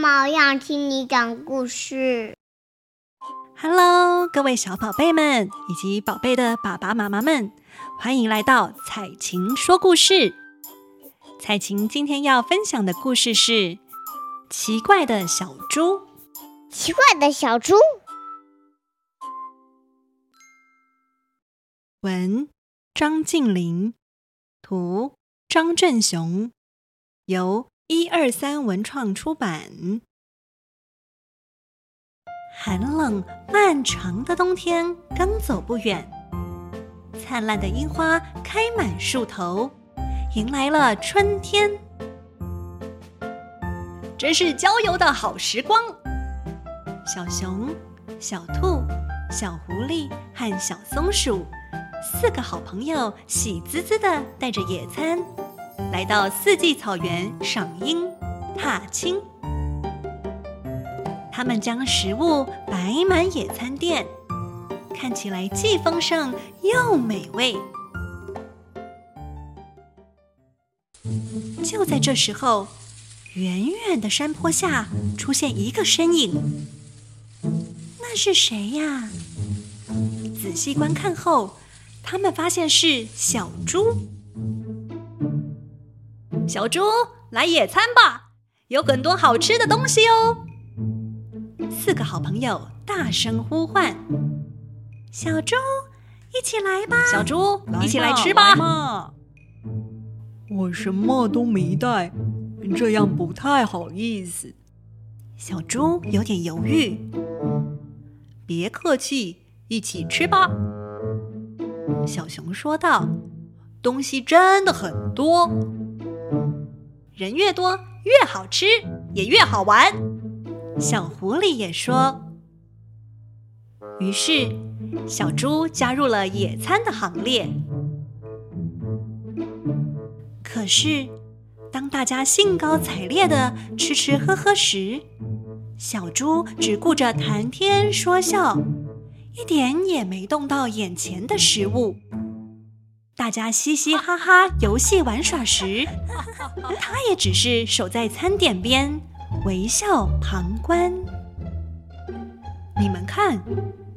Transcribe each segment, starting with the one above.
媽，我想聽你講故事。哈嘍，各位小寶貝們以及寶貝的爸爸媽媽們，歡迎來到彩琴說故事。彩琴今天要分享的故事是《奇怪的小豬》。奇怪的小豬，文張晉霖，圖張正雄，由，一二三，文創出版。寒冷漫長的冬天剛走不遠，燦爛的櫻花開滿樹頭，迎來了春天，真是郊遊的好時光。小熊、小兔、小狐狸和小松鼠四個好朋友，喜滋滋的帶着野餐。來到四季草原賞櫻踏青，他們將食物擺滿野餐墊，看起來既豐盛又美味。就在這時候，遠遠的山坡下出現一個身影，那是誰呀？仔細觀看後，他們發現是小豬。小豬，來野餐吧，有很多好吃的東西哦！四個好朋友大聲呼喚：“小豬，一起來吧！小豬，一起來吃吧來！”我什麼都沒帶，這樣不太好意思。小豬有點猶豫。別客氣，一起吃吧。小熊說道：“東西真的很多。”人越多，越好吃，也越好玩。小狐狸也說。於是，小豬加入了野餐的行列。可是，當大家興高采烈地吃吃喝喝時，小豬只顧着談天說笑，一點也沒動到眼前的食物。大家嘻嘻哈哈遊戲玩耍時，他也只是守在餐點邊微笑旁觀。你們看，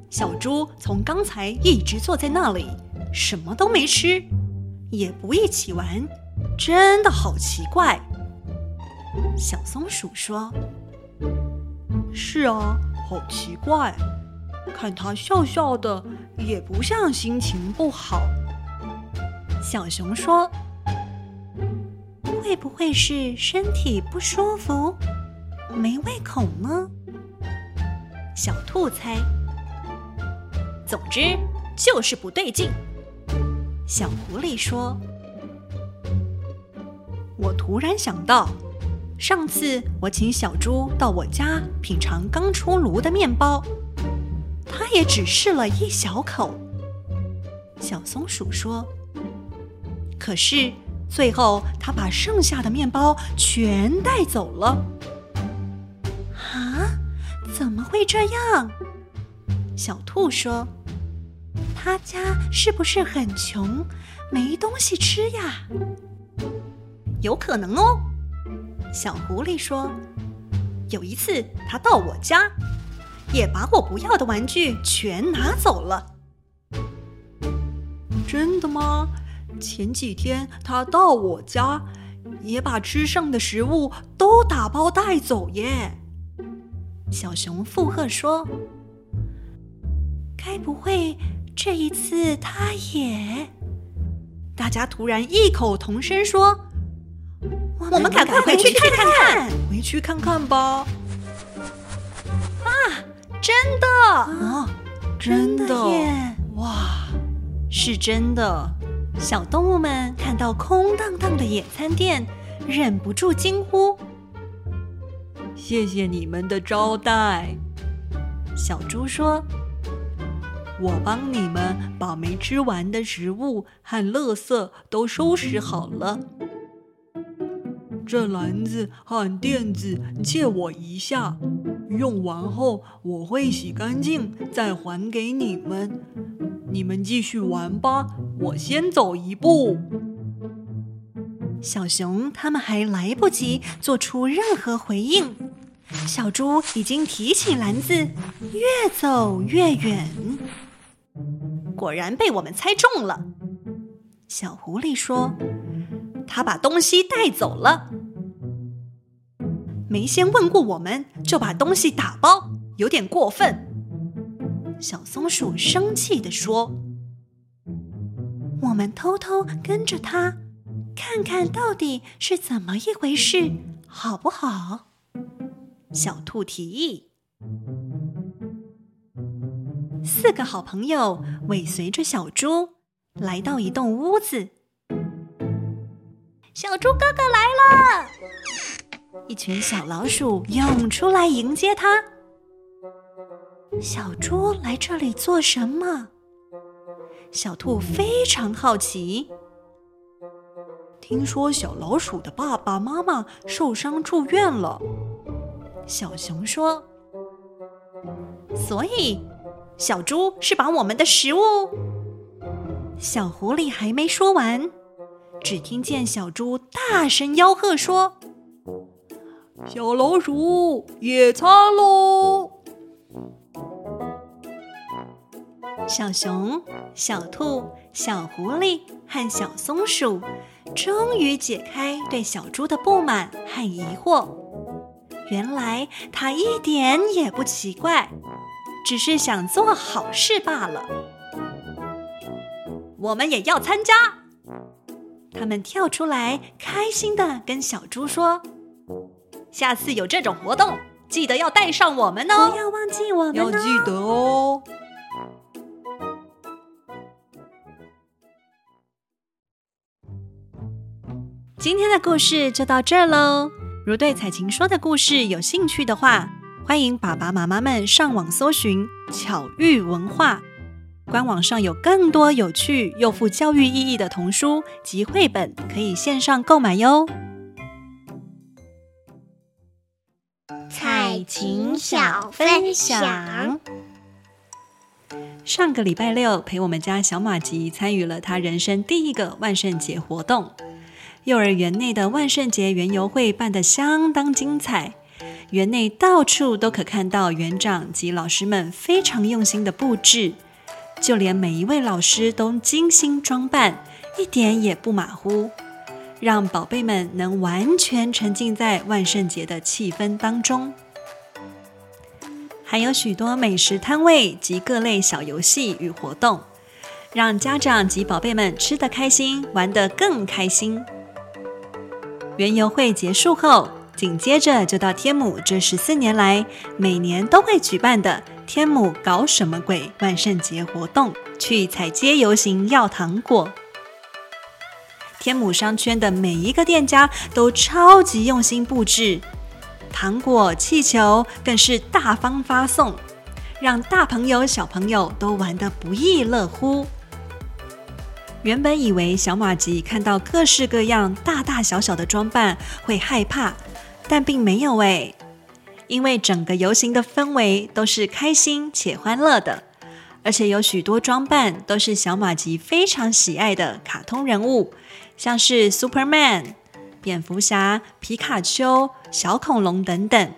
小豬從剛才一直坐在那裡，什麼都沒吃，也不一起玩，真的好奇怪。小松鼠說：“是啊，好奇怪，看他笑笑的，也不像心情不好。”小熊說：“會不會是身體不舒服，沒胃口呢？”小兔猜：“總之就是不對勁。”小狐狸說：“我突然想到，上次我請小豬到我家品嘗剛出爐的麵包，它也只試了一小口。”小松鼠說。可是最後，他把剩下的麵包全帶走了。啊，怎麼會這樣？小兔說：“他家是不是很窮，沒東西吃呀？”有可能哦。小狐狸說：“有一次，他到我家，也把我不要的玩具全拿走了。”真的嗎？前幾天他到我家，也把吃剩的食物都打包帶走耶。小熊附和說：“該不會這一次他也……”大家突然異口同聲說：“我們，我們，我們趕快回去，去看看，回去看看吧！”啊，真的啊，真的耶！哇，是真的。小動物們看到空蕩蕩的野餐墊，忍不住驚呼：“謝謝你們的招待。”小豬說：“我幫你們把沒吃完的食物和垃圾都收拾好了。”這籃子和墊子借我一下，用完後我會洗乾淨再還給你們。你們繼續玩吧，我先走一步。小熊他們還來不及做出任何回應，小豬已經提起籃子，越走越遠。果然被我們猜中了，小狐狸說。他把東西帶走了，沒先問過我們就把東西打包，有點過分。小松鼠生氣地說：“我們偷偷跟着他，看看到底是怎麼一回事，好不好？”小兔提議。四個好朋友尾隨着小豬，來到一棟屋子。小豬哥哥來了，一群小老鼠湧出來迎接他。小豬來這裡做什麼？小兔非常好奇。聽說小老鼠的爸爸媽媽受傷住院了，小熊說。所以，小豬是把我們的食物。小狐狸還沒說完。只聽見小豬大聲吆喝說：“小老鼠野餐嘍！”小熊、小兔、小狐狸和小松鼠終於解開對小豬的不滿和疑惑。原來他一點也不奇怪，只是想做好事罷了。我們也要參加。他們跳出來，開心的跟小豬說：“下次有這種活動，記得要帶上我們哦！不要忘記我們哦，要記得哦。”今天的故事就到這嘍。如對彩琴說的故事有興趣的話，歡迎爸爸媽媽們上網搜尋巧育文化。官網上有更多有趣又富教育意義的童書及繪本，可以線上購買喲。彩琴小分享：上個禮拜六陪我們家小馬吉參與了他人生第一個萬聖節活動，幼兒園內的萬聖節園遊會辦得相當精彩，園內到處都可看到園長及老師們非常用心的布置。就連每一位老師都精心裝扮，一點也不馬虎，讓寶貝們能完全沉浸在萬聖節的氣氛當中。還有許多美食攤位及各類小遊戲與活動，讓家長及寶貝們吃得開心，玩得更開心。園遊會結束後，緊接着就到天母，這十四年來每年都會舉辦的天母搞什麼鬼萬聖節活動，去踩街遊行要糖果。天母商圈的每一個店家都超級用心布置，糖果、氣球更是大方發送，讓大朋友小朋友都玩得不亦樂乎。原本以為小馬吉看到各式各樣大大小小的裝扮會害怕，但並沒有哎、欸，因為整個遊行的氛圍都是開心且歡樂的，而且有許多裝扮都是小馬吉非常喜愛的卡通人物，像是 Superman、蝙蝠俠、皮卡丘、小恐龍等等。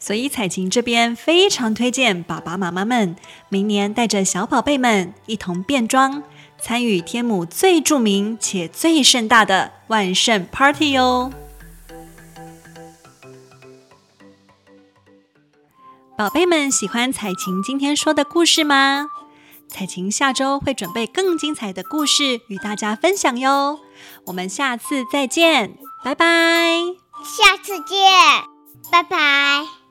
所以彩琴這邊非常推薦爸爸媽媽們明年帶着小寶貝們一同變裝，參與天母最著名且最盛大的萬聖 Party 喲，寶貝們喜歡彩琴今天說的故事嗎？彩琴下周會準備更精彩的故事與大家分享喲，我們下次再見，拜拜，下次見，拜拜。